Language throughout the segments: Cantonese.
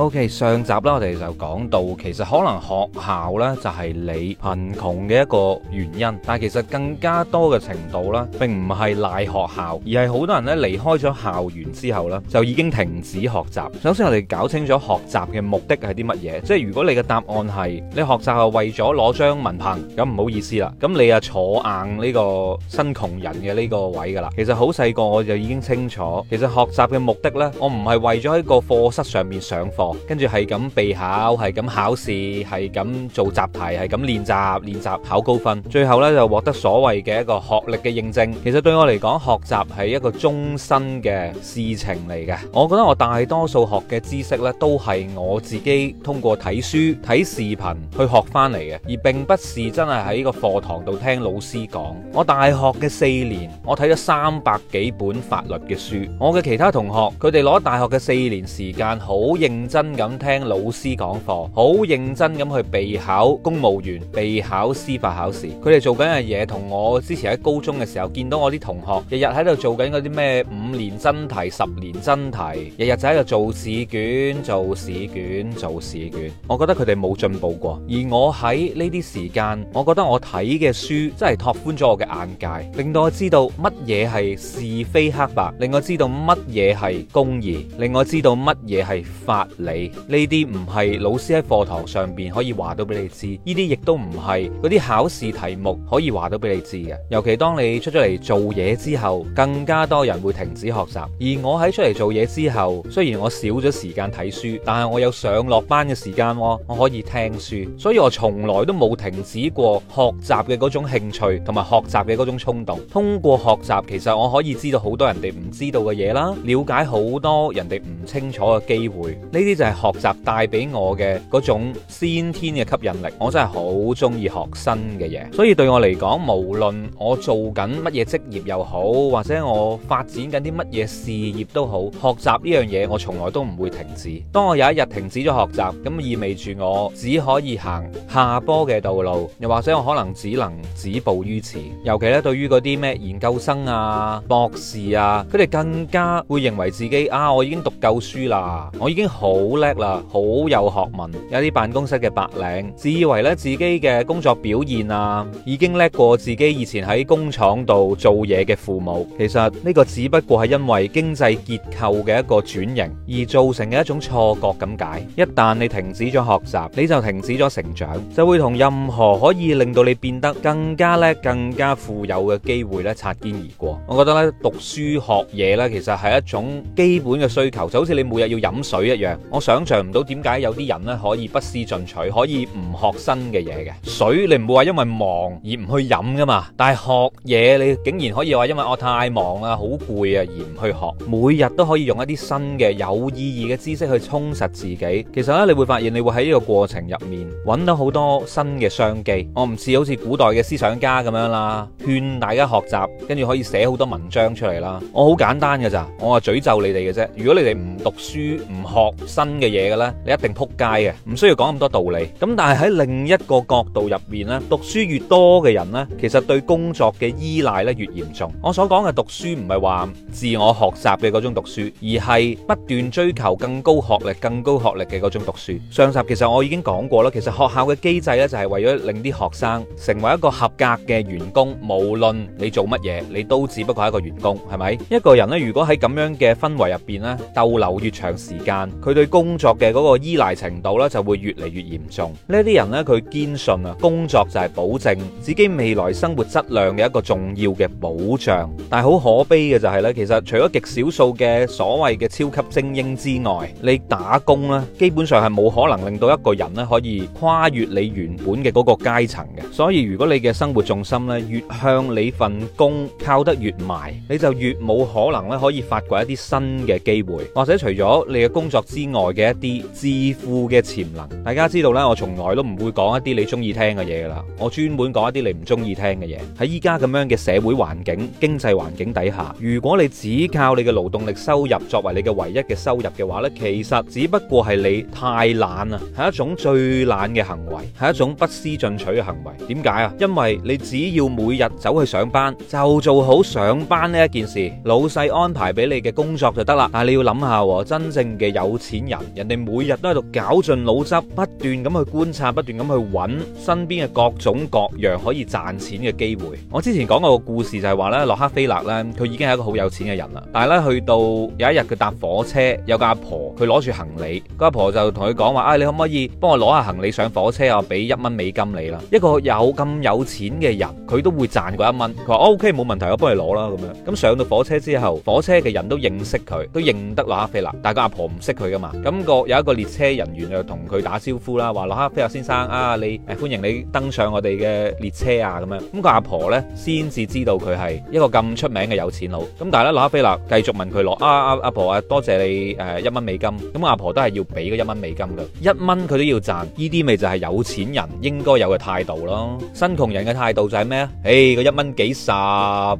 O.K. 上集啦，我哋就講到，其實可能學校呢就係你貧窮嘅一個原因，但係其實更加多嘅程度呢，並唔係賴學校，而係好多人呢離開咗校園之後呢，就已經停止學習。首先我哋搞清楚學習嘅目的係啲乜嘢，即係如果你嘅答案係你學習係為咗攞張文憑，咁唔好意思啦，咁你啊坐硬呢個新窮人嘅呢個位噶啦。其實好細個我就已經清楚，其實學習嘅目的呢，我唔係為咗喺個課室上面上課。跟住係咁備考，係咁考試，係咁做習題，係咁練習練習，練習考高分，最後咧，就獲得所謂嘅一個學歷嘅認證。其實對我嚟講，學習係一個終身嘅事情嚟嘅。我覺得我大多數學嘅知識咧，都係我自己通過睇書、睇視頻去學翻嚟嘅，而並不是真係喺個課堂度聽老師講。我大學嘅四年，我睇咗三百幾本法律嘅書。我嘅其他同學，佢哋攞大學嘅四年時間好認真，真咁聽老師講課，好認真咁去備考公務員、備考司法考試。佢哋做緊嘅嘢，同我之前喺高中嘅時候見到我啲同學，日日喺度做緊嗰啲咩五年真題、十年真題，日日就喺度做試卷、做試卷、做試卷。我覺得佢哋冇進步過，而我喺呢啲時間，我覺得我睇嘅書真係拓寬咗我嘅眼界，令到我知道乜嘢係是非黑白，令我知道乜嘢係公義，令我知道乜嘢係法律。你呢啲唔係老師喺課堂上邊可以話到俾你知，呢啲亦都唔係嗰啲考試題目可以話到俾你知嘅。尤其當你出咗嚟做嘢之後，更加多人會停止學習。而我喺出嚟做嘢之後，雖然我少咗時間睇書，但係我有上落班嘅時間，我可以聽書，所以我從來都冇停止過學習嘅嗰種興趣同埋學習嘅嗰種衝動。通過學習，其實我可以知道好多人哋唔知道嘅嘢啦，了解好多人哋唔清楚嘅機會呢。呢啲就係學習帶俾我嘅嗰種先天嘅吸引力，我真係好中意學新嘅嘢，所以對我嚟講，無論我做緊乜嘢職業又好，或者我發展緊啲乜嘢事業都好，學習呢樣嘢我從來都唔會停止。當我有一日停止咗學習，咁意味住我只可以行下坡嘅道路，又或者我可能只能止步於此。尤其咧，對於嗰啲咩研究生啊、博士啊，佢哋更加會認為自己啊，我已經讀夠書啦，我已經好。好叻啦，好有學問，有啲辦公室嘅白領，自以為咧自己嘅工作表現啊，已經叻過自己以前喺工廠度做嘢嘅父母。其實呢個只不過係因為經濟結構嘅一個轉型而造成嘅一種錯覺咁解。一旦你停止咗學習，你就停止咗成長，就會同任何可以令到你變得更加叻、更加富有嘅機會咧擦肩而過。我覺得咧讀書學嘢咧，其實係一種基本嘅需求，就好似你每日要飲水一樣。我想象唔到點解有啲人呢可以不思進取，可以唔學新嘅嘢嘅水，你唔會話因為忙而唔去飲噶嘛？但係學嘢，你竟然可以話因為我太忙啊、好攰啊而唔去學。每日都可以用一啲新嘅有意義嘅知識去充實自己。其實呢，你會發現你會喺呢個過程入面揾到好多新嘅商機。我唔似好似古代嘅思想家咁樣啦，勸大家學習，跟住可以寫好多文章出嚟啦。我好簡單㗎咋，我話詛咒你哋嘅啫。如果你哋唔讀書、唔學，新嘅嘢嘅咧，你一定扑街嘅，唔需要講咁多道理。咁但係喺另一個角度入面咧，讀書越多嘅人咧，其實對工作嘅依賴咧越嚴重。我所講嘅讀書唔係話自我學習嘅嗰種讀書，而係不斷追求更高學歷、更高學歷嘅嗰種讀書。上集其實我已經講過啦，其實學校嘅機制咧就係為咗令啲學生成為一個合格嘅員工，無論你做乜嘢，你都只不過係一個員工，係咪？一個人咧如果喺咁樣嘅氛圍入邊咧逗留越長時間，佢對工作嘅嗰個依賴程度咧就會越嚟越嚴重。呢啲人咧，佢堅信啊，工作就係保證自己未來生活質量嘅一個重要嘅保障。但係好可悲嘅就係咧，其實除咗極少數嘅所謂嘅超級精英之外，你打工咧，基本上係冇可能令到一個人咧可以跨越你原本嘅嗰個階層嘅。所以如果你嘅生活重心咧越向你份工靠得越埋，你就越冇可能咧可以發掘一啲新嘅機會，或者除咗你嘅工作之外。內嘅一啲致富嘅潛能，大家知道咧，我從來都唔會講一啲你中意聽嘅嘢噶啦，我專門講一啲你唔中意聽嘅嘢。喺依家咁樣嘅社會環境、經濟環境底下，如果你只靠你嘅勞動力收入作為你嘅唯一嘅收入嘅話咧，其實只不過係你太懶啊，係一種最懶嘅行為，係一種不思進取嘅行為。點解啊？因為你只要每日走去上班，就做好上班呢一件事，老細安排俾你嘅工作就得啦。但係，你要諗下，真正嘅有錢。人，人哋每日都喺度絞盡腦汁，不斷咁去觀察，不斷咁去搵身邊嘅各種各樣可以賺錢嘅機會。我之前講過個故事就係話呢，洛克菲勒呢，佢已經係一個好有錢嘅人啦。但係呢，去到有一日佢搭火車，有個阿婆，佢攞住行李，個阿婆就同佢講話：啊、哎，你可唔可以幫我攞下行李上火車啊？俾一蚊美金你啦。一個有咁有錢嘅人，佢都會賺過一蚊。佢話：OK，冇問題，我幫你攞啦。咁樣咁上到火車之後，火車嘅人都認識佢，都認得洛克菲勒，但係個阿婆唔識佢噶嘛。咁個有一個列車人員就同佢打招呼啦，話洛克菲勒先生啊，你誒歡迎你登上我哋嘅列車啊咁樣。咁個阿婆呢先至知道佢係一個咁出名嘅有錢佬。咁但係咧，洛克菲勒繼續問佢攞啊啊阿婆啊，多謝你一蚊、呃、美金。咁阿婆都係要俾嗰一蚊美金噶，一蚊佢都要賺。呢啲咪就係有錢人應該有嘅態度咯。新窮人嘅態度就係咩啊？誒個一蚊幾十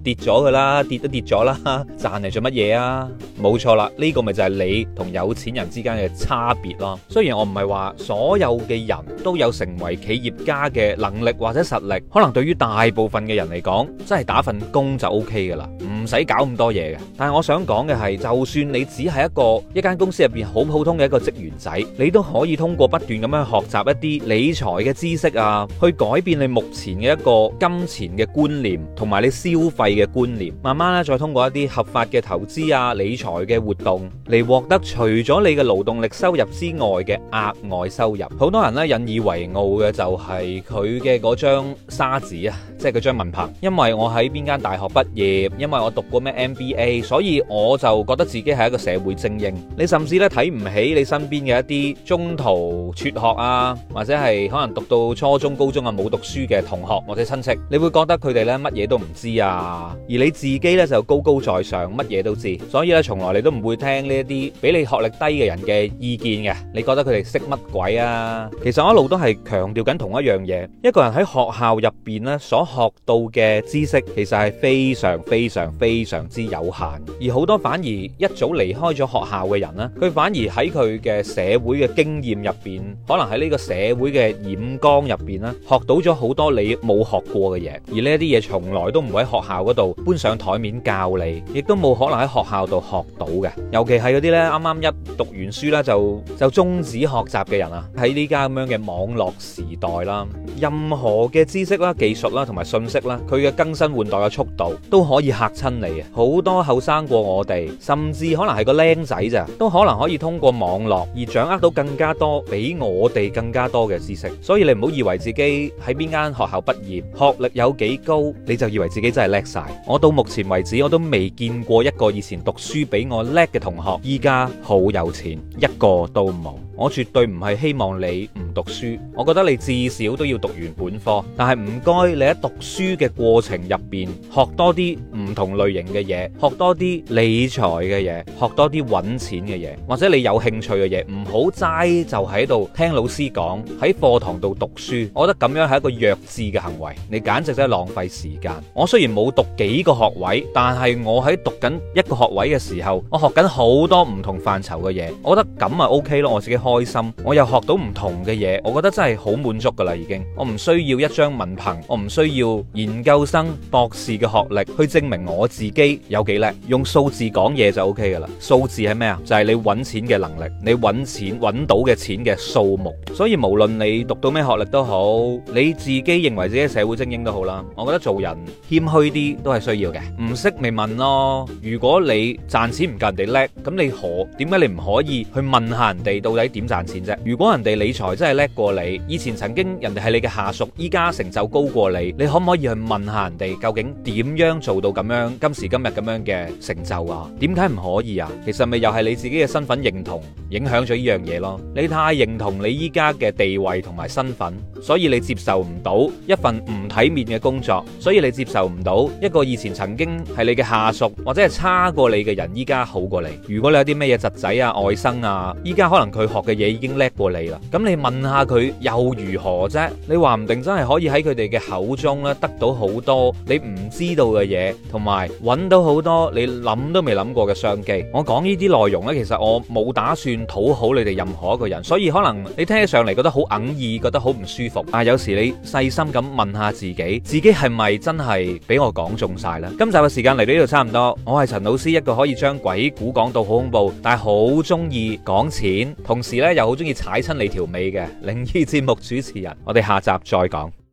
跌咗佢啦，跌都跌咗啦，賺嚟做乜嘢啊？冇錯啦，呢、這個咪就係你同有錢人之間嘅差別咯。雖然我唔係話所有嘅人都有成為企業家嘅能力或者實力，可能對於大部分嘅人嚟講，真係打份工就 OK 噶啦，唔使搞咁多嘢嘅。但係我想講嘅係，就算你只係一個一間公司入邊好普通嘅一個職員仔，你都可以通過不斷咁樣學習一啲理財嘅知識啊，去改變你目前嘅一個金錢嘅觀念同埋你消費嘅觀念，慢慢咧再通過一啲合法嘅投資啊、理財嘅活動嚟獲得，除咗你嘅。勞動力收入之外嘅額外收入，好多人咧引以為傲嘅就係佢嘅嗰張沙紙啊，即係嗰張文憑。因為我喺邊間大學畢業，因為我讀過咩 MBA，所以我就覺得自己係一個社會精英。你甚至咧睇唔起你身邊嘅一啲中途輟學啊，或者係可能讀到初中、高中啊冇讀書嘅同學，或者親戚，你會覺得佢哋咧乜嘢都唔知啊，而你自己咧就高高在上，乜嘢都知。所以咧，從來你都唔會聽呢一啲比你學歷低嘅人。嘅意見嘅，你覺得佢哋識乜鬼啊？其實我一路都係強調緊同一樣嘢，一個人喺學校入邊咧所學到嘅知識，其實係非常非常非常之有限。而好多反而一早離開咗學校嘅人咧，佢反而喺佢嘅社會嘅經驗入邊，可能喺呢個社會嘅染缸入邊咧，學到咗好多你冇學過嘅嘢。而呢一啲嘢從來都唔會喺學校嗰度搬上台面教你，亦都冇可能喺學校度學到嘅。尤其係嗰啲咧，啱啱一讀完書啦就就終止學習嘅人啊，喺呢家咁樣嘅網絡時代啦，任何嘅知識啦、技術啦同埋信息啦，佢嘅更新換代嘅速度都可以吓親你啊！好多後生過我哋，甚至可能係個僆仔咋，都可能可以通過網絡而掌握到更加多，比我哋更加多嘅知識。所以你唔好以為自己喺邊間學校畢業，學歷有幾高，你就以為自己真係叻晒。我到目前為止，我都未見過一個以前讀書比我叻嘅同學，依家好有錢。一個都冇。我絕對唔係希望你唔讀書，我覺得你至少都要讀完本科。但係唔該，你喺讀書嘅過程入邊學多啲唔同類型嘅嘢，學多啲理財嘅嘢，學多啲揾錢嘅嘢，或者你有興趣嘅嘢，唔好齋就喺度聽老師講喺課堂度讀書。我覺得咁樣係一個弱智嘅行為，你簡直真係浪費時間。我雖然冇讀幾個學位，但係我喺讀緊一個學位嘅時候，我學緊好多唔同範疇嘅嘢。我覺得咁咪 OK 咯，我自己開心，我又學到唔同嘅嘢，我覺得真係好滿足噶啦，已經。我唔需要一張文憑，我唔需要研究生、博士嘅學歷去證明我自己有幾叻。用數字講嘢就 OK 噶啦。數字係咩啊？就係你搵錢嘅能力，你搵錢搵到嘅錢嘅數目。所以無論你讀到咩學歷都好，你自己認為自己係社會精英都好啦。我覺得做人謙虛啲都係需要嘅。唔識咪問咯。如果你賺錢唔夠人哋叻，咁你何點解你唔可以去問下人哋到底點賺錢啫？如果人哋理財真係叻過你，以前曾經人哋係你嘅下屬，依家成就高過你，你可唔可以去問下人哋究竟點樣做到咁樣今時今日咁樣嘅成就啊？點解唔可以啊？其實咪又係你自己嘅身份認同影響咗呢樣嘢咯？你太認同你依家嘅地位同埋身份，所以你接受唔到一份唔體面嘅工作，所以你接受唔到一個以前曾經係你嘅下屬或者係差過你嘅人依家好過你。如果你有啲咩嘢侄仔啊、外甥啊，依家可能佢學。嘅嘢已經叻過你啦，咁你問下佢又如何啫？你話唔定真係可以喺佢哋嘅口中咧得到好多你唔知道嘅嘢，同埋揾到好多你諗都未諗過嘅商機。我講呢啲內容咧，其實我冇打算討好你哋任何一個人，所以可能你聽起上嚟覺得好哽耳，覺得好唔舒服。但係有時你細心咁問下自己，自己係咪真係俾我講中曬咧？今集嘅時間嚟到呢度差唔多，我係陳老師，一個可以將鬼故講到好恐怖，但係好中意講錢，同時，又好中意踩親你條尾嘅靈異節目主持人，我哋下集再講。